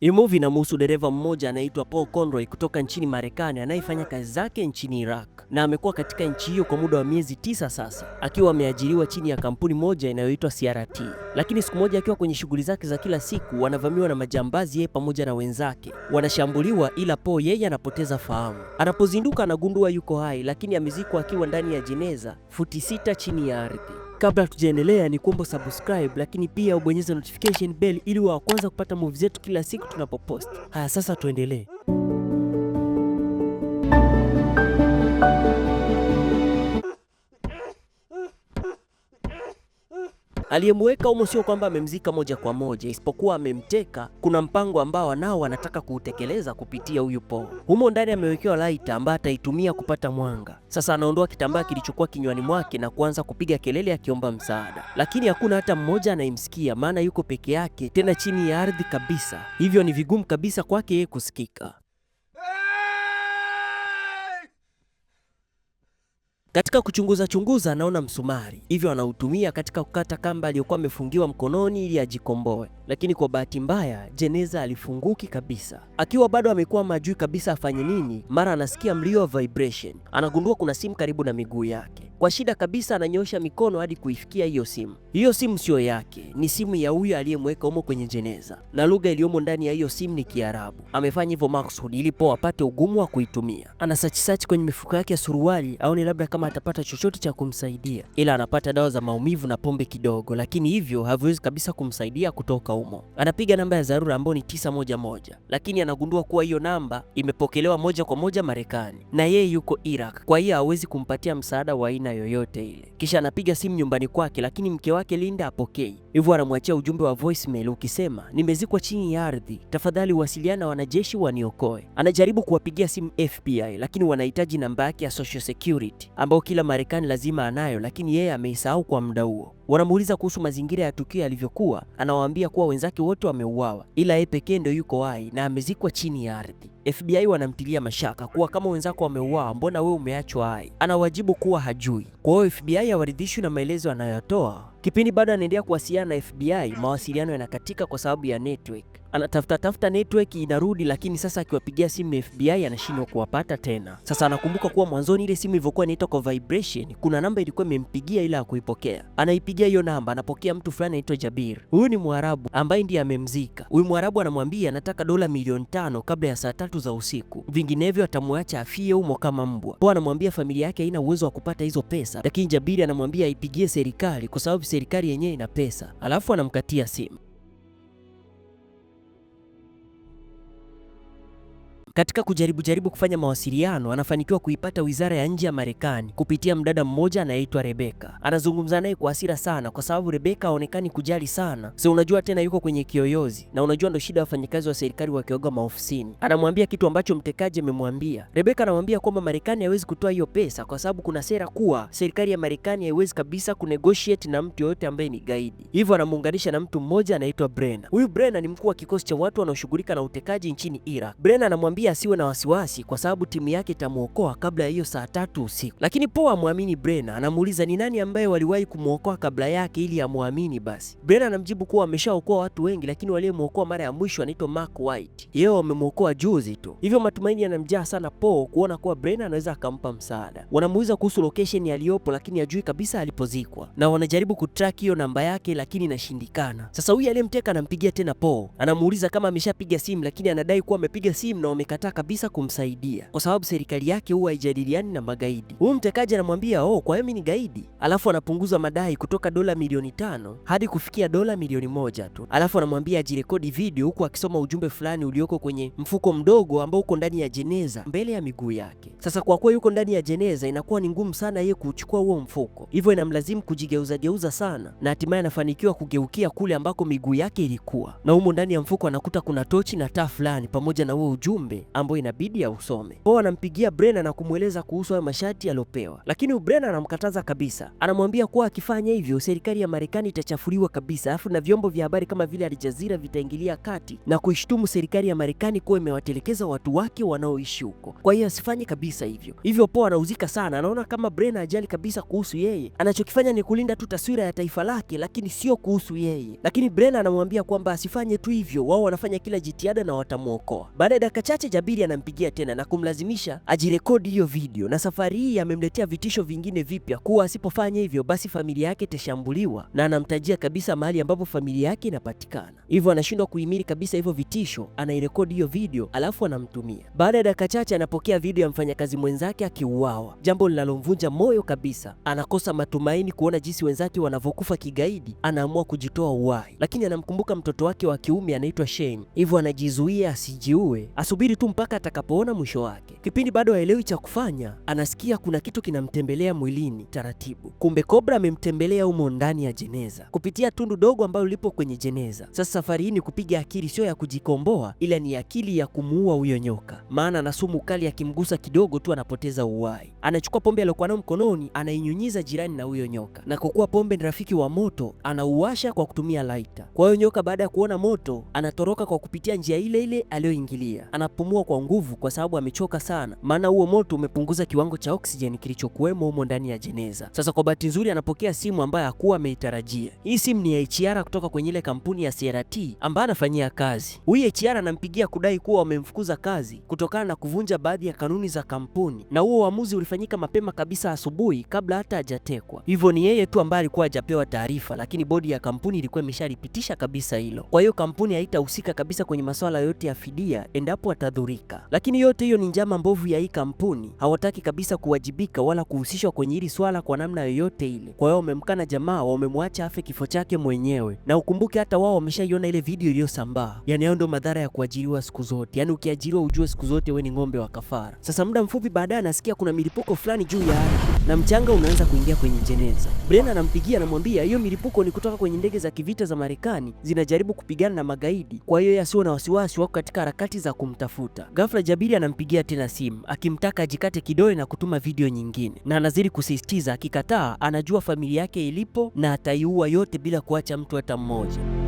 Hii movie inamhusu dereva mmoja anaitwa Paul Conroy kutoka nchini Marekani anayefanya kazi zake nchini Iraq na amekuwa katika nchi hiyo kwa muda wa miezi tisa sasa, akiwa ameajiriwa chini ya kampuni moja inayoitwa CRT. Lakini siku moja akiwa kwenye shughuli zake za kila siku, wanavamiwa na majambazi, yeye pamoja na wenzake wanashambuliwa, ila Paul yeye anapoteza fahamu. Anapozinduka anagundua yuko hai, lakini amezikwa akiwa ndani ya jeneza futi sita chini ya ardhi. Kabla tujaendelea, ni kuomba subscribe, lakini pia ubonyeze notification bell ili wa kwanza kupata movie zetu kila siku tunapopost. Haya, sasa tuendelee. Aliyemweka humo sio kwamba amemzika moja kwa moja, isipokuwa amemteka. Kuna mpango ambao wanao wanataka kuutekeleza kupitia huyu Po. Humo ndani amewekewa laita ambayo ataitumia kupata mwanga. Sasa anaondoa kitambaa kilichokuwa kinywani mwake na kuanza kupiga kelele akiomba msaada, lakini hakuna hata mmoja anayemsikia, maana yuko peke yake, tena chini ya ardhi kabisa, hivyo ni vigumu kabisa kwake yeye kusikika. Katika kuchunguza chunguza, anaona msumari, hivyo anautumia katika kukata kamba aliyokuwa amefungiwa mkononi ili ajikomboe, lakini kwa bahati mbaya jeneza alifunguki kabisa. Akiwa bado amekuwa majui kabisa afanye nini, mara anasikia mlio wa vibration. Anagundua kuna simu karibu na miguu yake. Kwa shida kabisa, ananyosha mikono hadi kuifikia hiyo simu. Hiyo simu sio yake, ni simu ya huyo aliyemweka humo kwenye jeneza, na lugha iliyomo ndani ya hiyo simu ni Kiarabu. Amefanya hivyo makusudi ili po apate ugumu wa kuitumia. Ana search search kwenye mifuko yake ya suruali, aone labda kama atapata chochote cha kumsaidia, ila anapata dawa za maumivu na pombe kidogo, lakini hivyo haviwezi kabisa kumsaidia kutoka humo. Anapiga namba ya dharura ambayo ni 911, lakini anagundua kuwa hiyo namba imepokelewa moja kwa moja Marekani na yeye yuko Iraq, kwa hiyo hawezi kumpatia msaada wa aina yoyote ile. Kisha anapiga simu nyumbani kwake, lakini mke wake yake Linda apokei, hivyo anamwachia ujumbe wa voicemail ukisema, nimezikwa chini ya ardhi, tafadhali wasiliana wanajeshi waniokoe. Anajaribu kuwapigia simu FBI, lakini wanahitaji namba yake ya social security ambayo kila Marekani lazima anayo, lakini yeye ameisahau kwa muda huo. Wanamuuliza kuhusu mazingira ya tukio yalivyokuwa, anawaambia kuwa wenzake wote wameuawa, ila yeye pekee ndio yuko hai na amezikwa chini ya ardhi. FBI wanamtilia mashaka kuwa kama wenzako wameuawa, mbona wewe umeachwa hai? Anawajibu kuwa hajui. Kwa hiyo FBI hawaridhishwi na maelezo anayotoa. Kipindi bado anaendelea kuwasiliana na FBI, mawasiliano yanakatika kwa sababu ya network anatafuta tafuta network inarudi, lakini sasa akiwapigia simu ya FBI anashindwa kuwapata tena. Sasa anakumbuka kuwa mwanzoni ile simu ilivyokuwa inaitwa kwa vibration, kuna namba ilikuwa imempigia ila hakuipokea. Anaipigia hiyo namba, anapokea mtu fulani anaitwa Jabir. Huyu ni Mwarabu ambaye ndiye amemzika. Huyu Mwarabu anamwambia anataka dola milioni tano kabla ya saa tatu za usiku, vinginevyo atamwacha afie humo kama mbwa. Kwa anamwambia familia yake haina uwezo wa kupata hizo pesa, lakini Jabiri anamwambia aipigie serikali kwa sababu serikali yenyewe ina pesa, alafu anamkatia simu. Katika kujaribu jaribu kufanya mawasiliano, anafanikiwa kuipata wizara ya nje ya Marekani kupitia mdada mmoja anayeitwa Rebeka. Anazungumza naye kwa hasira sana, kwa sababu Rebeka haonekani kujali sana, si unajua tena, yuko kwenye kiyoyozi, na unajua ndo shida ya wafanyakazi wa serikali wakioga maofisini. Anamwambia kitu ambacho mtekaji amemwambia. Rebeka anamwambia kwamba Marekani hawezi kutoa hiyo pesa kwa sababu kuna sera kuwa serikali ya Marekani haiwezi kabisa kunegotiate na mtu yoyote ambaye ni gaidi, hivyo anamuunganisha na mtu mmoja anaitwa Brena. Huyu Brena ni mkuu wa kikosi cha watu wanaoshughulika na utekaji nchini Iraq. Brena anamwambia pia asiwe na wasiwasi kwa sababu timu yake itamwokoa kabla ya hiyo saa tatu usiku. Lakini Poa amwamini Brenna, anamuuliza ni nani ambaye waliwahi kumwokoa kabla yake ili amwamini basi. Brenna anamjibu kuwa ameshaokoa watu wengi, lakini waliyemwokoa mara ya mwisho anaitwa Mark White, yeye wamemwokoa juzi tu. Hivyo matumaini yanamjaa sana Poe kuona kuwa Brenna anaweza akampa msaada. Wanamuuliza kuhusu location aliyopo, lakini ajui kabisa alipozikwa, na wanajaribu kutrack hiyo namba yake, lakini inashindikana. Sasa huyu aliyemteka anampigia tena Poe, anamuuliza kama ameshapiga simu, lakini anadai kuwa amepiga simu na anakataa kabisa kumsaidia kwa sababu serikali yake huwa haijadiliani na magaidi. Huyu mtekaji anamwambia oh, kwa mimi ni gaidi, alafu anapunguza madai kutoka dola milioni tano hadi kufikia dola milioni moja tu, alafu anamwambia ajirekodi video huku akisoma ujumbe fulani ulioko kwenye mfuko mdogo ambao uko ndani ya jeneza mbele ya miguu yake. Sasa kwa kuwa yuko ndani ya jeneza, inakuwa ni ngumu sana yeye kuchukua huo mfuko, hivyo inamlazimu kujigeuza geuza sana, na hatimaye anafanikiwa kugeukia kule ambako miguu yake ilikuwa, na humo ndani ya mfuko anakuta kuna tochi na taa fulani pamoja na huo ujumbe ambayo inabidi ya usome kwao. Anampigia Brenda na kumweleza kuhusu hayo masharti aliyopewa, lakini Brenda anamkataza kabisa, anamwambia kuwa akifanya hivyo serikali ya Marekani itachafuliwa kabisa, alafu na vyombo vya habari kama vile Aljazira vitaingilia kati na kuishtumu serikali ya Marekani kuwa imewatelekeza watu wake wanaoishi huko. Kwa hiyo asifanye kabisa hivyo. Hivyo po anauzika sana, anaona kama Brenda ajali kabisa kuhusu yeye, anachokifanya ni kulinda tu taswira ya taifa lake, lakini sio kuhusu yeye. Lakini Brenda anamwambia kwamba asifanye tu hivyo, wao wanafanya kila jitihada na watamwokoa. Baada ya dakika chache kisha Jabiri anampigia tena na kumlazimisha ajirekodi hiyo video, na safari hii amemletea vitisho vingine vipya kuwa asipofanya hivyo basi familia yake itashambuliwa, na anamtajia kabisa mahali ambapo familia yake inapatikana. Hivyo anashindwa kuhimili kabisa hivyo vitisho, anairekodi hiyo video alafu anamtumia. Baada ya dakika chache anapokea video ya mfanyakazi mwenzake akiuawa, jambo linalomvunja moyo kabisa. Anakosa matumaini kuona jinsi wenzake wanavyokufa kigaidi, anaamua kujitoa uhai, lakini anamkumbuka mtoto wake wa kiume anaitwa Shane, hivyo anajizuia asijiue asubiri tu mpaka atakapoona mwisho wake. Kipindi bado haelewi cha kufanya, anasikia kuna kitu kinamtembelea mwilini taratibu. Kumbe kobra amemtembelea humo ndani ya jeneza kupitia tundu dogo ambalo lipo kwenye jeneza. Sasa safari hii ni kupiga akili, sio ya kujikomboa, ila ni akili ya kumuua huyo nyoka, maana na sumu kali akimgusa kidogo tu anapoteza uhai. Anachukua pombe aliyokuwa nayo mkononi, anainyunyiza jirani na huyo nyoka, na kwa kuwa pombe ni rafiki wa moto, anauasha kwa kutumia laita. Kwa hiyo nyoka baada ya kuona moto anatoroka kwa kupitia njia ile ile aliyoingilia. Anapumua kupumua kwa nguvu kwa sababu amechoka sana, maana huo moto umepunguza kiwango cha oksijeni kilichokuwemo humo ndani ya jeneza. Sasa kwa bahati nzuri, anapokea simu ambayo hakuwa ameitarajia. Hii simu ni ya HR kutoka kwenye ile kampuni ya CRT ambayo anafanyia kazi. Huyu HR anampigia kudai kuwa wamemfukuza kazi kutokana na kuvunja baadhi ya kanuni za kampuni, na huo uamuzi ulifanyika mapema kabisa asubuhi, kabla hata hajatekwa. Hivyo ni yeye tu ambaye alikuwa hajapewa taarifa, lakini bodi ya kampuni ilikuwa imeshalipitisha kabisa hilo. Kwa hiyo kampuni haitahusika kabisa kwenye masuala yote ya fidia endapo atadhu watadhurika. Lakini yote hiyo ni njama mbovu ya hii kampuni, hawataki kabisa kuwajibika wala kuhusishwa kwenye hili swala kwa namna yoyote ile. Kwa hiyo wamemkana jamaa, wamemwacha afe kifo chake mwenyewe, na ukumbuke hata wao wameshaiona ile video iliyosambaa. Yani hayo ndio madhara ya kuajiriwa siku zote, yani ukiajiriwa ujue siku zote we ni ng'ombe wa kafara. Sasa muda mfupi baadaye anasikia kuna milipuko fulani juu ya ardhi na mchanga unaanza kuingia kwenye jeneza. Bren anampigia anamwambia hiyo milipuko ni kutoka kwenye ndege za kivita za Marekani zinajaribu kupigana na magaidi, kwa hiyo yasio na wasiwasi, wako katika harakati za kumtafuta kumtafuta. Ghafla Jabiri anampigia tena simu akimtaka ajikate kidole na kutuma video nyingine, na anazidi kusisitiza, akikataa anajua familia yake ilipo na ataiua yote bila kuacha mtu hata mmoja.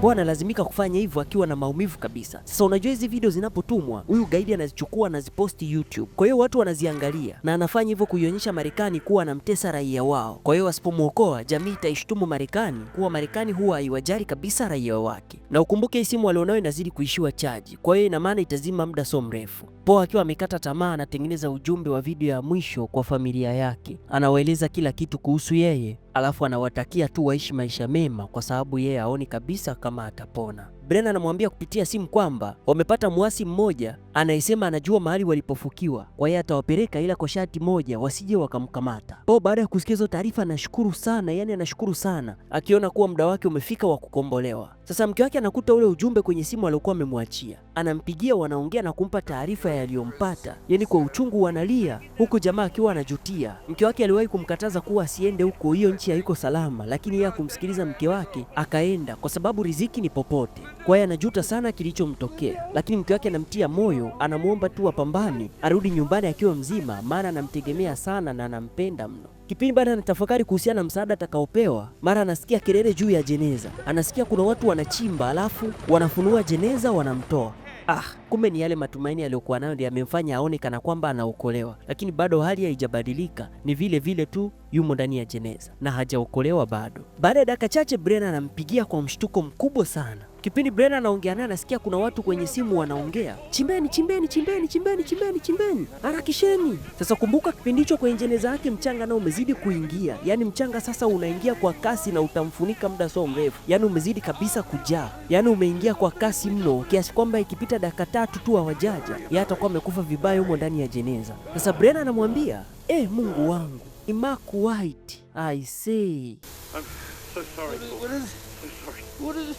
Kwa analazimika kufanya hivyo akiwa na maumivu kabisa. Sasa unajua hizi video zinapotumwa, huyu gaidi anazichukua anaziposti YouTube, kwa hiyo watu wanaziangalia na anafanya hivyo kuionyesha Marekani kuwa anamtesa raia wao. Kwa hiyo wasipomwokoa, jamii itaishtumu Marekani kuwa Marekani huwa haiwajali kabisa raia wake, na ukumbuke hii simu alionayo inazidi kuishiwa chaji, kwa hiyo ina maana itazima muda so mrefu. Poa akiwa amekata tamaa, anatengeneza ujumbe wa video ya mwisho kwa familia yake, anawaeleza kila kitu kuhusu yeye alafu anawatakia tu waishi maisha mema, kwa sababu yeye aoni kabisa kama atapona. Brenda anamwambia kupitia simu kwamba wamepata mwasi mmoja anayesema anajua mahali walipofukiwa, kwa hiyo atawapeleka, ila kwa sharti moja wasije wakamkamata. po baada ya kusikia hizo taarifa anashukuru sana, yani anashukuru sana akiona kuwa muda wake umefika wa kukombolewa. Sasa mke wake anakuta ule ujumbe kwenye simu aliokuwa amemwachia, anampigia, wanaongea na kumpa taarifa yaliyompata, yani kwa uchungu wanalia, huku jamaa akiwa anajutia. Mke wake aliwahi kumkataza kuwa asiende huko, hiyo nchi haiko salama, lakini yeye akumsikiliza mke wake akaenda, kwa sababu riziki ni popote. Kwa hiyo anajuta sana kilichomtokea, lakini mke wake anamtia moyo moyo, anamwomba tu apambane arudi nyumbani akiwa mzima, maana anamtegemea sana na anampenda mno. Kipindi bado anatafakari kuhusiana na msaada atakaopewa, mara anasikia kelele juu ya jeneza. Anasikia kuna watu wanachimba, alafu wanafunua jeneza, wanamtoa Ah, kumbe ni yale matumaini aliyokuwa nayo ndiye amemfanya aone kana kwamba anaokolewa, lakini bado hali haijabadilika, ni vile vile tu yumo ndani ya jeneza na hajaokolewa bado. Baada ya dakika chache, Brenda anampigia kwa mshtuko mkubwa sana. Kipindi Brenda anaongea naye anasikia kuna watu kwenye simu wanaongea, chimbeni, chimbeni, chimbeni, chimbeni, chimbeni, chimbeni, harakisheni. Sasa kumbuka, kipindi hicho kwenye jeneza yake mchanga nao umezidi kuingia, yaani mchanga sasa unaingia kwa kasi na utamfunika muda sio mrefu, yaani umezidi kabisa kujaa, yaani umeingia kwa kasi mno kiasi kwamba ikipita dakika tatu tu hawajaja yeye atakuwa amekufa vibaya humo ndani ya jeneza. Sasa Brenda anamwambia eh, Mungu wangu, ni Mark White. I see. I'm so sorry. What is, what is, what is...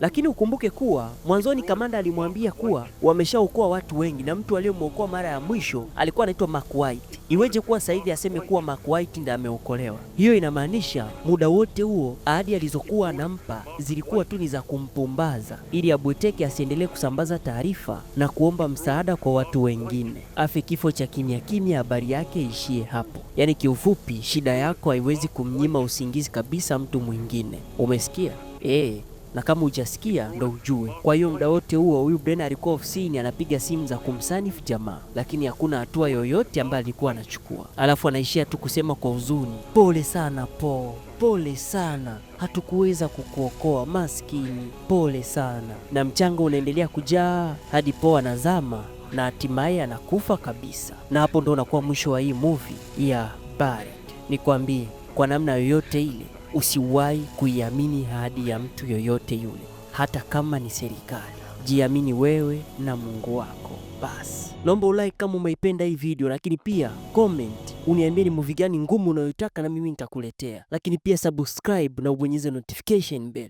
Lakini ukumbuke kuwa mwanzoni kamanda alimwambia kuwa wameshaokoa watu wengi, na mtu aliyemwokoa mara ya mwisho alikuwa anaitwa Mark White. Iweje kuwa sasa hivi aseme kuwa Mark White ndiye ameokolewa? Hiyo inamaanisha muda wote huo ahadi alizokuwa anampa zilikuwa tu ni za kumpumbaza ili abweteke asiendelee kusambaza taarifa na kuomba msaada kwa watu wengine, afe kifo cha kimya kimya, habari yake ishie hapo. Yaani kiufupi, shida yako haiwezi kumnyima usingizi kabisa mtu mwingine. Umesikia? eh, na kama hujasikia ndo ujue. Kwa hiyo muda wote huo huyu Brenda alikuwa ofisini anapiga simu za kumsanifu jamaa, lakini hakuna hatua yoyote ambayo alikuwa anachukua, alafu anaishia tu kusema kwa huzuni, pole sana po pole sana, hatukuweza kukuokoa maskini, pole sana. Na mchanga unaendelea kujaa hadi Po anazama na hatimaye anakufa kabisa, na hapo ndo unakuwa mwisho wa hii movie ya Buried. Nikwambie, kwa namna yoyote ile Usiwahi kuiamini ahadi ya mtu yoyote yule, hata kama ni serikali. Jiamini wewe na Mungu wako basi. Naomba ulike kama umeipenda hii video, lakini pia comment uniambie ni movie gani ngumu unayotaka na mimi nitakuletea, lakini pia subscribe na ubonyeze notification bell